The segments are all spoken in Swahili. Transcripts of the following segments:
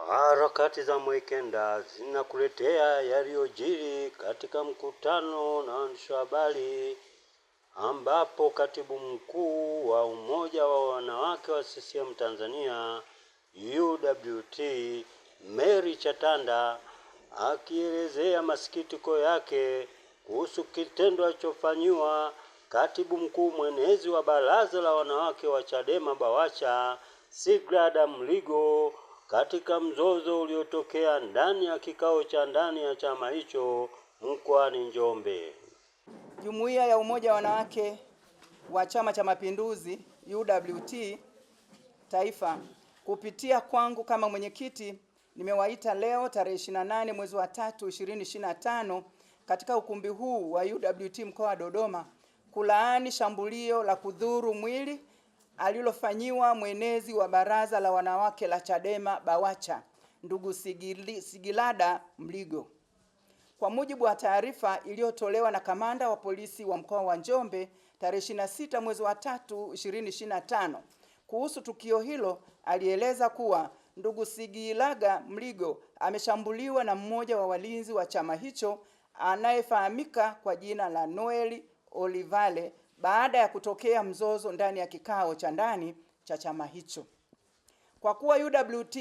Ah, harakati za Mwikenda zinakuletea yaliyojiri katika mkutano na waandishi wa habari, ambapo katibu mkuu wa umoja wa wanawake wa CCM Tanzania UWT Mary Chatanda akielezea masikitiko yake kuhusu kitendo alichofanyiwa katibu mkuu mwenezi wa baraza la wanawake wa Chadema Bawacha Sigrada Mligo katika mzozo uliotokea ndani ya kikao cha ndani ya chama hicho mkoani Njombe. Jumuiya ya Umoja wa Wanawake wa Chama cha Mapinduzi UWT Taifa kupitia kwangu kama mwenyekiti nimewaita leo tarehe 28 mwezi wa tatu 2025 katika ukumbi huu wa UWT mkoa wa Dodoma kulaani shambulio la kudhuru mwili alilofanyiwa mwenezi wa baraza la wanawake la Chadema Bawacha ndugu Sigili, Sigilada Mligo. Kwa mujibu wa taarifa iliyotolewa na kamanda wa polisi wa mkoa wa Njombe tarehe 26 mwezi wa 3 2025 kuhusu tukio hilo, alieleza kuwa ndugu Sigilaga Mligo ameshambuliwa na mmoja wa walinzi wa chama hicho anayefahamika kwa jina la Noel Olivale baada ya kutokea mzozo ndani ya kikao cha ndani cha chama hicho. Kwa kuwa UWT,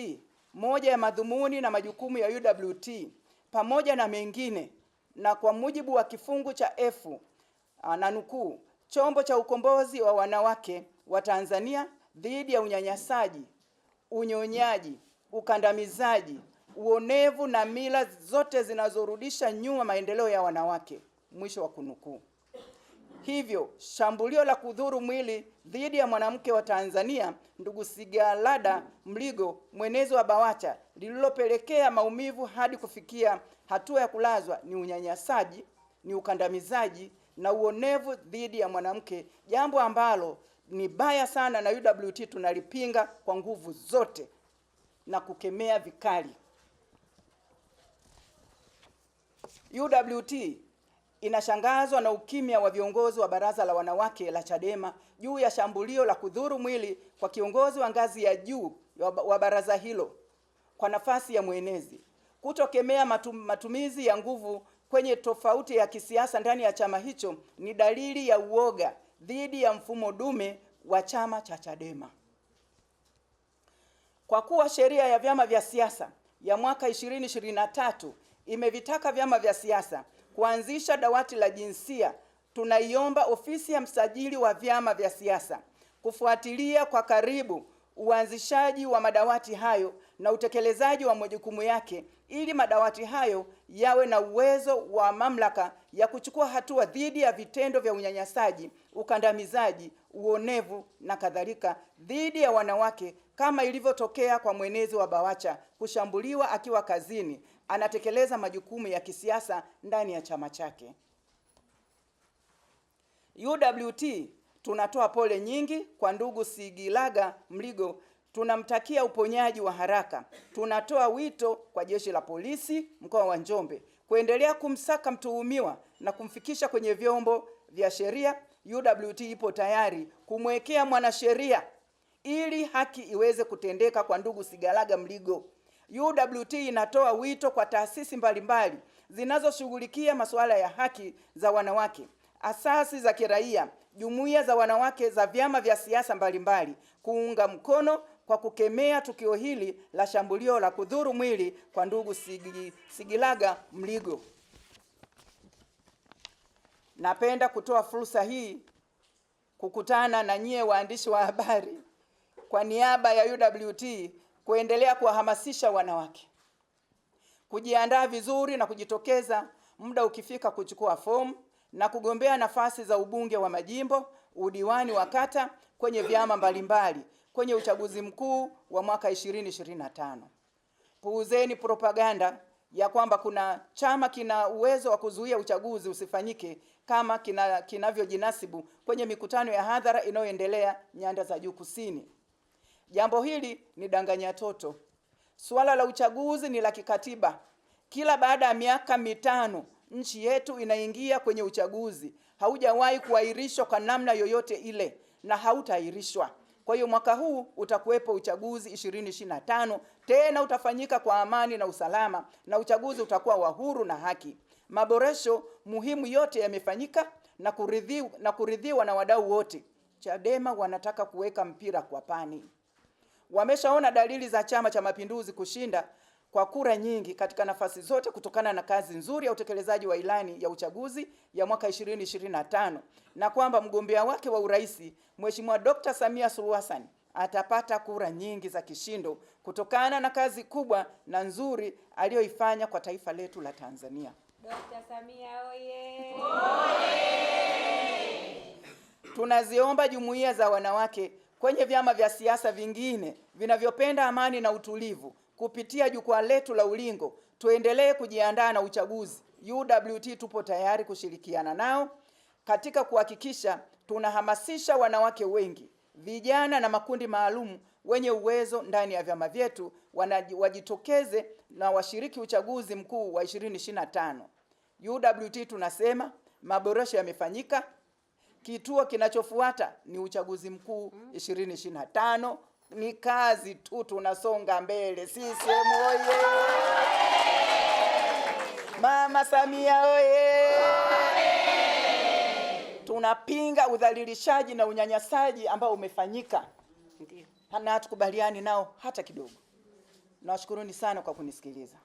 moja ya madhumuni na majukumu ya UWT pamoja na mengine, na kwa mujibu wa kifungu cha F ah, na nukuu, chombo cha ukombozi wa wanawake wa Tanzania dhidi ya unyanyasaji, unyonyaji, ukandamizaji, uonevu na mila zote zinazorudisha nyuma maendeleo ya wanawake, mwisho wa kunukuu. Hivyo shambulio la kudhuru mwili dhidi ya mwanamke wa Tanzania ndugu Sigalada Mligo, mwenezi wa BAWACHA, lililopelekea maumivu hadi kufikia hatua ya kulazwa ni unyanyasaji, ni ukandamizaji na uonevu dhidi ya mwanamke, jambo ambalo ni baya sana, na UWT tunalipinga kwa nguvu zote na kukemea vikali. UWT inashangazwa na ukimya wa viongozi wa baraza la wanawake la Chadema juu ya shambulio la kudhuru mwili kwa kiongozi wa ngazi ya juu wa baraza hilo kwa nafasi ya mwenezi, kutokemea matumizi ya nguvu kwenye tofauti ya kisiasa ndani ya chama hicho ni dalili ya uoga dhidi ya mfumo dume wa chama cha Chadema. Kwa kuwa sheria ya vyama vya siasa ya mwaka 2023 imevitaka vyama vya siasa kuanzisha dawati la jinsia, tunaiomba ofisi ya msajili wa vyama vya siasa kufuatilia kwa karibu uanzishaji wa madawati hayo na utekelezaji wa majukumu yake ili madawati hayo yawe na uwezo wa mamlaka ya kuchukua hatua dhidi ya vitendo vya unyanyasaji, ukandamizaji, uonevu na kadhalika dhidi ya wanawake kama ilivyotokea kwa mwenezi wa Bawacha kushambuliwa akiwa kazini anatekeleza majukumu ya kisiasa ndani ya chama chake. UWT tunatoa pole nyingi kwa ndugu Sigilaga Mligo, tunamtakia uponyaji wa haraka. Tunatoa wito kwa jeshi la polisi mkoa wa Njombe kuendelea kumsaka mtuhumiwa na kumfikisha kwenye vyombo vya sheria. UWT ipo tayari kumwekea mwanasheria ili haki iweze kutendeka kwa ndugu Sigalaga Mligo. UWT inatoa wito kwa taasisi mbalimbali zinazoshughulikia masuala ya haki za wanawake, asasi za kiraia, jumuiya za wanawake za vyama vya siasa mbalimbali kuunga mkono kwa kukemea tukio hili la shambulio la kudhuru mwili kwa ndugu Sigi, Sigilaga Mligo. Napenda kutoa fursa hii kukutana na nyie waandishi wa habari kwa niaba ya UWT kuendelea kuwahamasisha wanawake kujiandaa vizuri na kujitokeza muda ukifika kuchukua fomu na kugombea nafasi za ubunge wa majimbo, udiwani wa kata kwenye vyama mbalimbali kwenye uchaguzi mkuu wa mwaka 2025. Puuzeni propaganda ya kwamba kuna chama kina uwezo wa kuzuia uchaguzi usifanyike kama kina, kinavyojinasibu kwenye mikutano ya hadhara inayoendelea nyanda za juu kusini. Jambo hili ni danganya toto. Suala la uchaguzi ni la kikatiba. Kila baada ya miaka mitano nchi yetu inaingia kwenye uchaguzi. Haujawahi kuahirishwa kwa namna yoyote ile na hautaahirishwa. Kwa hiyo mwaka huu utakuwepo uchaguzi 2025 tena utafanyika kwa amani na usalama, na uchaguzi utakuwa wa huru na haki. Maboresho muhimu yote yamefanyika na kuridhiwa na, kuridhiwa na wadau wote. Chadema wanataka kuweka mpira kwa pani wameshaona dalili za Chama cha Mapinduzi kushinda kwa kura nyingi katika nafasi zote kutokana na kazi nzuri ya utekelezaji wa ilani ya uchaguzi ya mwaka 2025 na kwamba mgombea wake wa urais Mheshimiwa Dkt. Samia Suluhu Hassan atapata kura nyingi za kishindo kutokana na kazi kubwa na nzuri aliyoifanya kwa taifa letu la Tanzania. Dkt. Samia oye! Oye! Tunaziomba jumuiya za wanawake kwenye vyama vya siasa vingine vinavyopenda amani na utulivu kupitia jukwaa letu la Ulingo, tuendelee kujiandaa na uchaguzi. UWT tupo tayari kushirikiana nao katika kuhakikisha tunahamasisha wanawake wengi, vijana na makundi maalum wenye uwezo ndani ya vyama vyetu wajitokeze na washiriki uchaguzi mkuu wa 2025. UWT tunasema maboresho yamefanyika. Kituo kinachofuata ni uchaguzi mkuu mm. ishirini tano. Ni kazi tu, tunasonga mbele. CCM oye! Mama Samia oye! Tunapinga udhalilishaji na unyanyasaji ambao umefanyika na hatukubaliani nao hata kidogo. Nawashukuruni sana kwa kunisikiliza.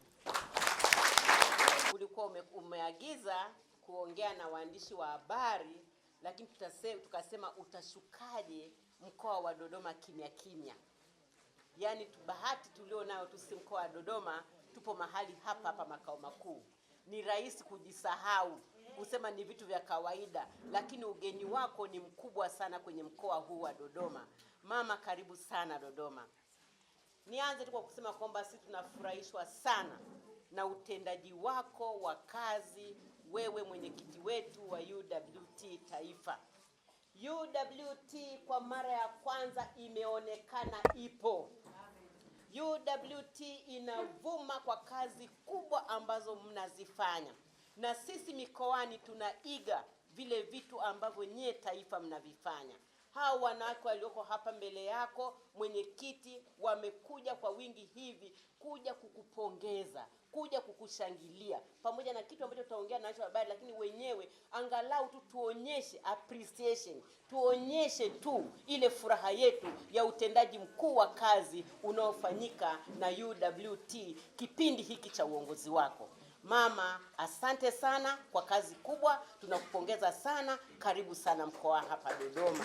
Ulikuwa ume, umeagiza kuongea na waandishi wa habari lakini tutase, tukasema utashukaje mkoa wa Dodoma kimya kimya. Yaani bahati tulio nayo tu mkoa wa Dodoma, tupo mahali hapa hapa makao makuu. Ni rahisi kujisahau kusema ni vitu vya kawaida, lakini ugeni wako ni mkubwa sana kwenye mkoa huu wa Dodoma. Mama, karibu sana Dodoma. Nianze tu kwa kusema kwamba sisi tunafurahishwa sana na utendaji wako wa kazi wewe mwenyekiti wetu wa UWT Taifa. UWT kwa mara ya kwanza imeonekana ipo. UWT inavuma kwa kazi kubwa ambazo mnazifanya, na sisi mikoani tunaiga vile vitu ambavyo nyie taifa mnavifanya hawa wanawake walioko hapa mbele yako mwenyekiti, wamekuja kwa wingi hivi kuja kukupongeza, kuja kukushangilia, pamoja na kitu ambacho tutaongea nacho habari, lakini wenyewe angalau tu tuonyeshe appreciation, tuonyeshe tu ile furaha yetu ya utendaji mkuu wa kazi unaofanyika na UWT kipindi hiki cha uongozi wako. Mama, asante sana kwa kazi kubwa, tunakupongeza sana. Karibu sana mkoa hapa Dodoma.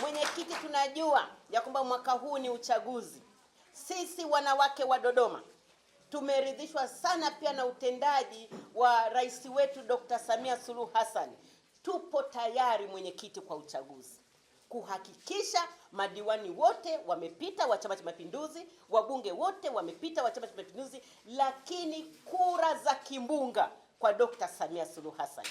Mwenyekiti, tunajua ya kwamba mwaka huu ni uchaguzi. Sisi wanawake wa Dodoma tumeridhishwa sana pia na utendaji wa rais wetu Dr. Samia Suluhu Hassan. Tupo tayari mwenyekiti, kwa uchaguzi kuhakikisha madiwani wote wamepita wa Chama cha Mapinduzi, wabunge wote wamepita wa Chama cha Mapinduzi, lakini kura za kimbunga kwa Dkt. Samia Suluhu Hassan.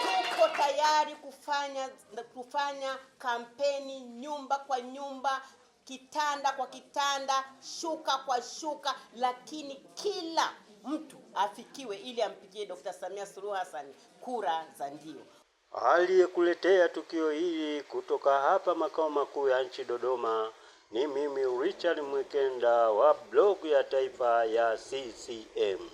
Tuko tayari kufanya kufanya kampeni nyumba kwa nyumba, kitanda kwa kitanda, shuka kwa shuka, lakini kila mtu afikiwe ili ampigie Dkt. Samia Suluhu Hassan kura za ndio. Aliyekuletea tukio hili kutoka hapa makao makuu ya nchi Dodoma, ni mimi Richard Mwikenda wa blog ya taifa ya CCM.